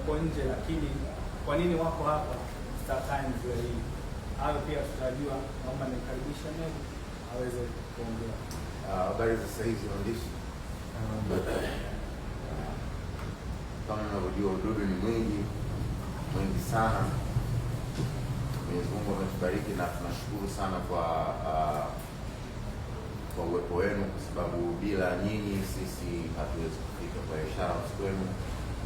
uko nje, lakini kwa nini wako hapa Star Times leo hii? Hayo pia tutajua. Naomba nikaribisha Neema aweze kuongea. Ah, habari za sasa hizi waandishi, ah, kama unavyojua ududu ni mwingi mwingi sana. Mwenyezi Mungu ametubariki na tunashukuru sana kwa uh, kwa uwepo wenu, kwa sababu bila nyinyi sisi hatuwezi kufika kwa ishara wasiku wenu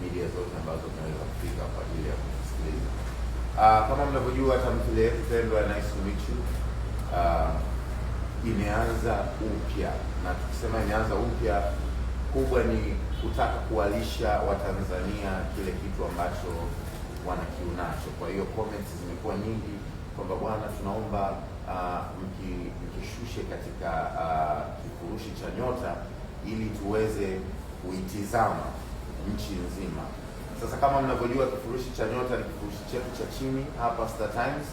media zote ambazo tunaweza kufika kwa ajili ya kusikiliza. Uh, ah, kama mnavyojua tamthilia yetu pendwa ya Nice to Meet You uh, ah, imeanza upya, na tukisema imeanza upya, kubwa ni kutaka kuwalisha Watanzania kile kitu ambacho wanakiunacho. Kwa hiyo comments zimekuwa nyingi kwamba bwana, tunaomba uh, mki, mkishushe katika uh, kifurushi cha nyota ili tuweze kuitizama nchi nzima. Sasa kama mnavyojua, kifurushi cha Nyota ni kifurushi chetu cha chini hapa Star Times,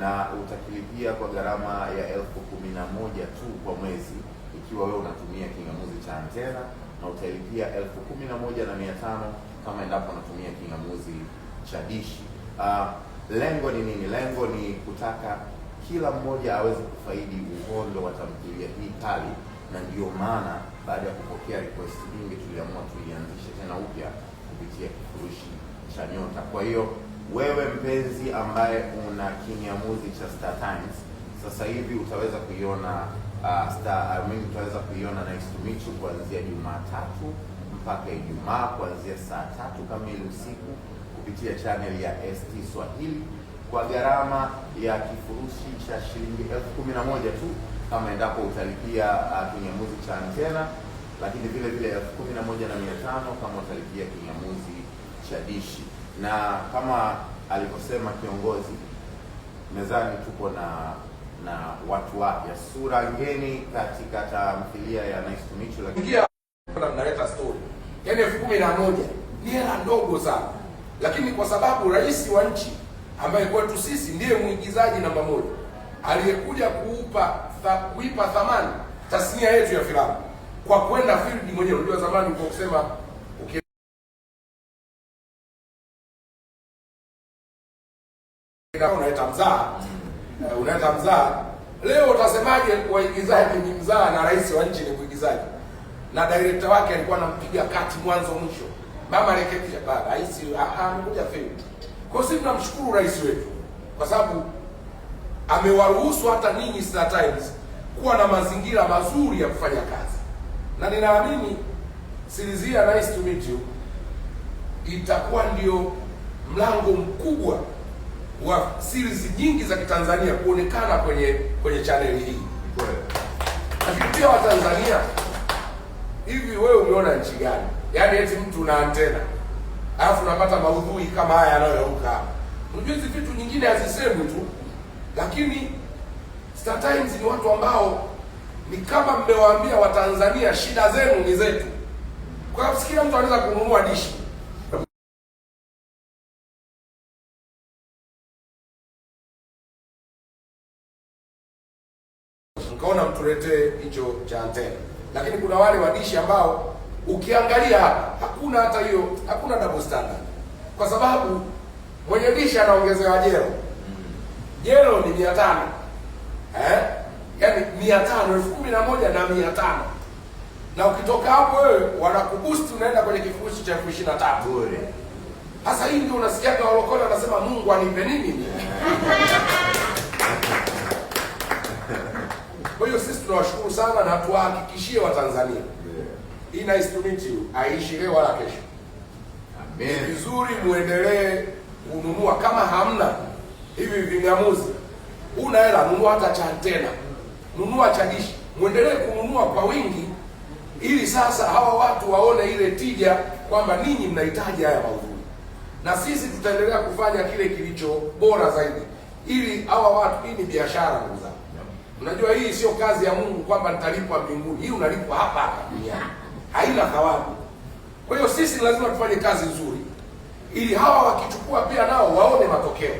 na utakilipia kwa gharama ya elfu kumi na moja tu kwa mwezi ikiwa wewe unatumia kingamuzi cha antena, na utailipia elfu kumi na moja na mia tano kama endapo unatumia kingamuzi cha dishi. Uh, lengo ni nini? Lengo ni kutaka kila mmoja aweze kufaidi uhondo wa tamthilia hii kali na ndio maana baada ya kupokea request nyingi tuliamua tulianzishe tena upya kupitia kifurushi cha nyota. Kwa hiyo wewe mpenzi ambaye una kinyamuzi cha Star Times sasa hivi utaweza kuiona uh, Star I mean, utaweza kuiona Nice to Meet You kuanzia Jumatatu mpaka Ijumaa kuanzia saa tatu kamili usiku kupitia channel ya ST Swahili kwa gharama ya kifurushi cha shilingi elfu kumi na moja tu kama endapo utalipia uh, kinyamuzi cha antena, lakini vile vile elfu kumi na moja na mia tano kama utalipia kinyamuzi cha dishi. Na kama alivyosema kiongozi, mezani tuko na na watu wapya, sura ngeni katika tamthilia ya Nice to Meet You, lakini mnaleta story. Yaani elfu kumi na moja ni hela ndogo sana, lakini kwa sababu rais wa nchi ambaye kwetu sisi ndiye mwigizaji namba moja aliyekuja kuupa tha, kuipa thamani tasnia yetu ya filamu kwa kwenda field mwenyewe. Unajua zamani uko kusema okay. Unaleta mzaa eh, unaleta mzaa, leo utasemaje? Waigizaji ni mzaa na rais wa nchi ni mwigizaji, na director wake alikuwa anampiga kati mwanzo mwisho, mama rekebisha baba, rais ah ah, field. Kwa hiyo sisi tunamshukuru rais wetu kwa sababu amewaruhusu hata ninyi Star Times kuwa na mazingira mazuri ya kufanya kazi, na ninaamini Silizia Nice to Meet You itakuwa ndio mlango mkubwa wa series nyingi za Kitanzania kuonekana kwenye kwenye chaneli hii, lakini pia Watanzania, hivi wewe umeona nchi gani? Yaani eti mtu na antena alafu unapata maudhui kama haya yanayoyauka hapa. Unajua hizi vitu nyingine hazisemwi tu lakini Star Times ni watu ambao ni kama mmewaambia Watanzania shida zenu ni zetu. Kwa sababu kila mtu anaweza kununua dishi mkaona mtuletee hicho cha antena, lakini kuna wale wadishi ambao ukiangalia hakuna hata hiyo, hakuna double standard, kwa sababu mwenye dishi anaongezewa jero Jero ni mia tano eh? Yaani mia tano elfu kumi na moja na mia tano na ukitoka hapo wewe wanakubusti unaenda kwenye kifurushi cha elfu ishirini na tatu Sasa hii ndio unasikiaga walokole wanasema Mungu anipe nini? Kwa hiyo sisi tunawashukuru sana na tuwahakikishie Watanzania hii nice to meet you leo wala kesho. Amen. Ni vizuri muendelee kununua kama hamna hivi ving'amuzi. Una hela nunua hata cha antena, nunua chagishi, mwendelee kununua kwa wingi, ili sasa hawa watu waone ile tija kwamba ninyi mnahitaji haya maudhui, na sisi tutaendelea kufanya kile kilicho bora zaidi, ili hawa watu. Hii ni biashara ndugu zangu, unajua hii sio kazi ya Mungu kwamba nitalipwa mbinguni. Hii unalipwa hapa hapa duniani, haina thawabu. Kwa hiyo sisi lazima tufanye kazi nzuri, ili hawa wakichukua pia nao waone matokeo.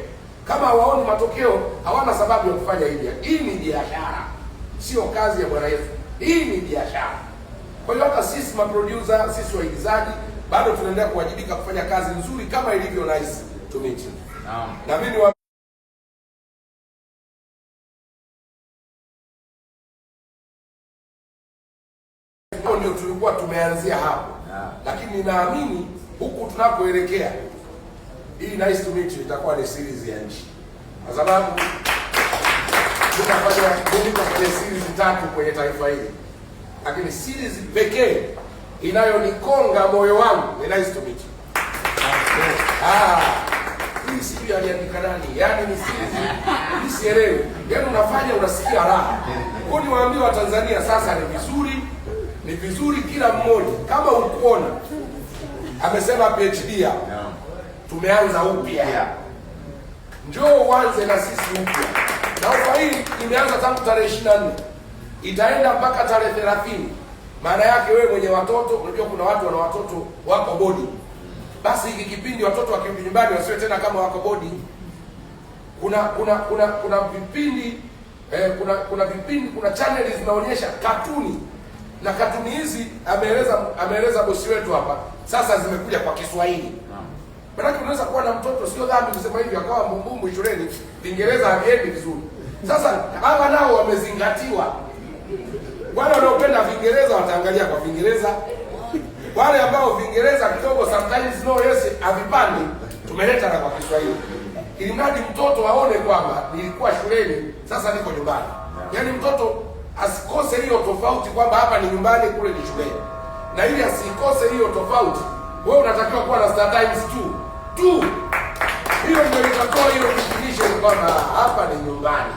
Kama hawaoni matokeo, hawana sababu ya kufanya hivi. Hii ni biashara, sio kazi ya Bwana Yesu. Hii ni biashara. Kwa hiyo hata sisi maproducer, sisi waigizaji bado tunaendelea kuwajibika kufanya kazi nzuri kama ilivyo Rais Tumichi. Naam. Na mimi wa... ndio tulikuwa tumeanzia hapo, lakini ninaamini huku tunapoelekea hii nice to meet you itakuwa ni series ya nchi, kwa sababu tutafanya series tatu kwenye taifa hili, lakini series pekee inayonikonga moyo wangu ni nice to meet you. Ah, hii sijui aliandika nani, yaani ni series isielewe, yaani unafanya unasikia raha ko. Niwaambie Watanzania sasa, ni vizuri, ni vizuri kila mmoja kama ukuona amesema PhD hapo tumeanza upya yeah. Njoo uanze na sisi upya, na ofa hii imeanza tangu tarehe ishirini na nne itaenda mpaka tarehe thelathini. Maana yake wewe mwenye watoto, unajua kuna watu wana watoto wako bodi, basi hiki kipindi watoto wakirudi nyumbani wasiwe tena kama wako bodi. Kuna kuna kuna kuna vipindi eh, kuna kuna vipindi kuna chaneli zinaonyesha katuni na katuni hizi ameeleza ameeleza bosi wetu hapa, sasa zimekuja kwa Kiswahili Maanake unaweza kuwa na mtoto, sio dhambi kusema hivi, akawa mbumbu shuleni, Kiingereza haendi vizuri. Sasa hawa nao wamezingatiwa. Wale wanaopenda Kiingereza wataangalia kwa Kiingereza, wale ambao Kiingereza kidogo sometimes no yes havipandi, tumeleta na kwa Kiswahili ili mradi mtoto aone kwamba nilikuwa shuleni, sasa niko nyumbani. Yaani mtoto asikose hiyo tofauti kwamba hapa ni nyumbani, kule ni shuleni, na ili asikose hiyo tofauti wewe unatakiwa kuwa na StarTimes tu tu. hiyo ndio litatoa hiyo kufundisha kwamba hapa ni nyumbani.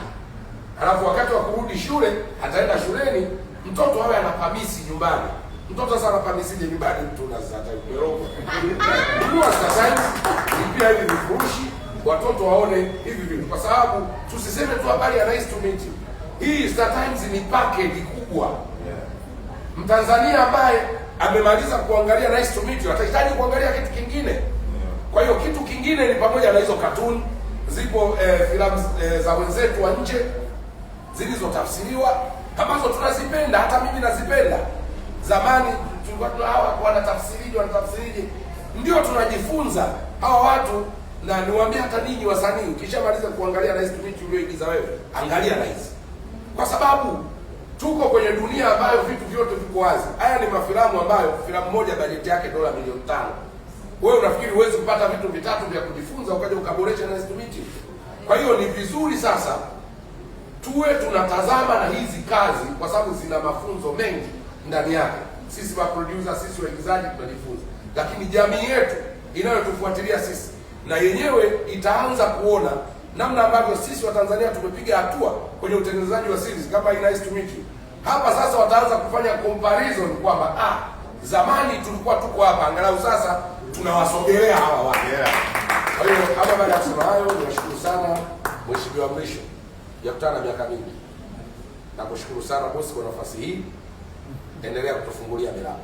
Alafu wakati wa kurudi shule, ataenda shuleni, mtoto awe anapamisi nyumbani. Mtoto sasa anapamisi nyumbani, mtu una StarTimes Moroko. Kuwa ni pia ni vifurushi watoto waone hivi vitu, kwa sababu tusiseme tu habari ya rais to meet hii star times ni package kubwa. Mtanzania ambaye amemaliza kuangalia Nice to Meet You, atahitaji kuangalia kitu kingine. Kwa hiyo kitu kingine ni pamoja na hizo katuni, zipo eh, filamu eh, za wenzetu wa nje zilizotafsiriwa ambazo tunazipenda, hata mimi nazipenda. Zamani tulikuwa tuna hawa wanatafsiriji wanatafsiriji, ndio tunajifunza hawa watu, na niwaambia hata ninyi wasanii, ukishamaliza kuangalia Nice to Meet You ulioigiza wewe, angalia Nice, kwa sababu tuko kwenye dunia ambayo uko wazi. Haya ni mafilamu ambayo filamu moja bajeti yake dola milioni tano. Wewe unafikiri huwezi kupata vitu vitatu vya kujifunza ukaja ukaboresha na estimate? Kwa hiyo ni vizuri sasa tuwe tunatazama na hizi kazi, kwa sababu zina mafunzo mengi ndani yake. Sisi maproducer, sisi waigizaji tunajifunza, lakini jamii yetu inayotufuatilia sisi na yenyewe itaanza kuona namna ambavyo sisi Watanzania tumepiga hatua kwenye utengenezaji wa series kama Nice hapa sasa wataanza kufanya comparison kwamba ah, zamani tulikuwa tuko hapa, angalau sasa tunawasogelea hawa watu. Kwa hiyo kama baada ya kusema hayo, niwashukuru sana Mheshimiwa Mrisho, yakutana miaka mingi. Nakushukuru sana bosi kwa nafasi hii, endelea kutufungulia milango.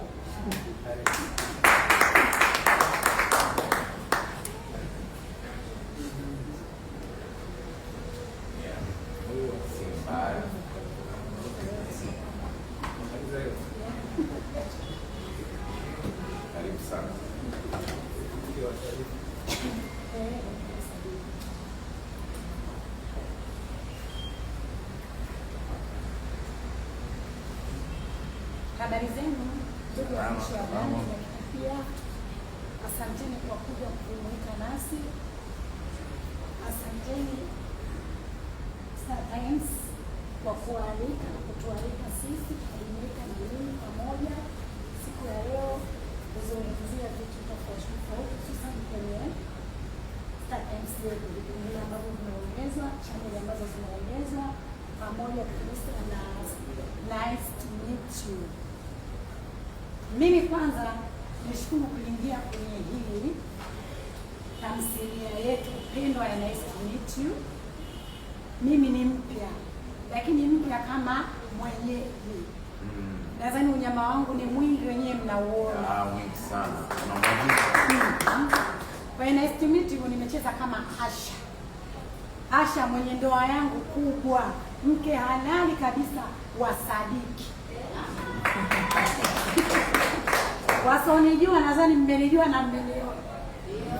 sana. Habari zenu, asanteni kwa kuja kujumuika nasi. Asanteni Star Times kwa kualika kutualika sisi kujumuika na ninyi pamoja siku ya leo kuziongezea vitu tofauti tofauti, hususan kwenye Star Times zetu, vipengele ambavyo vinaongezwa, chaneli ambazo zinaongezwa pamoja kabisa na nice to meet you. Mimi kwanza nishukuru kuingia kwenye hii tamthilia yetu pendwa ya nice to meet you. Mimi ni mpya, lakini mpya kama mwenyeji mm. Nadhani unyama wangu ni mwingi, wenyewe mnauona. Ah, sana. Hmm. Kwa hiyo nimecheza kama Asha. Asha mwenye ndoa yangu kubwa, mke halali kabisa wa Sadiki. Wasonijua nadhani mmenijua na mmeniona.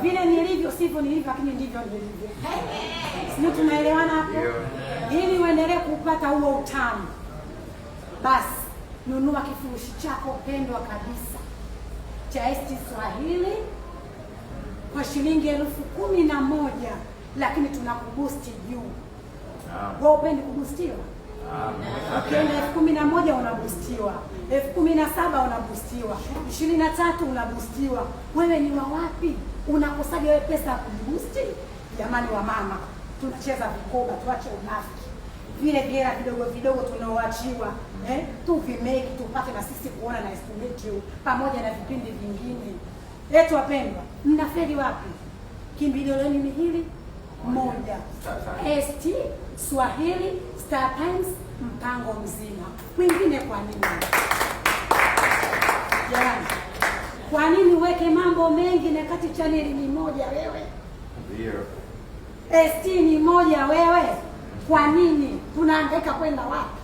Vile nilivyo sivyo nilivyo, lakini ndivyo nilivyo. Sisi tunaelewana hapo. Ili uendelee kupata huo utamu. Basi nunua kifurushi chako pendwa kabisa cha ST Swahili kwa shilingi elfu kumi na moja lakini tunakubusti juu. Wewe upendi kubustiwa? Ukienda elfu kumi na moja unabustiwa, elfu kumi na saba unabustiwa, ishirini na tatu unabustiwa. Wewe ni wa wapi? Unakosaje wewe pesa ya kubusti? Jamani wa mama, tunacheza vikoba, tuache unafiki, vile gera vidogo vidogo tunaoachiwa eh, tuvimeki tupate na sisi kuona na estimate pamoja na vipindi vingine. Yetu wapendwa, mnafeli wapi? Kimbilio lenu ni hili moja, ST Swahili Star Times, mpango mzima. Kwingine kwa nini jamani? Kwa nini uweke mambo mengi na kati chaneli ni moja wewe? ST ni moja wewe, kwa nini tunaangaika kwenda wapi?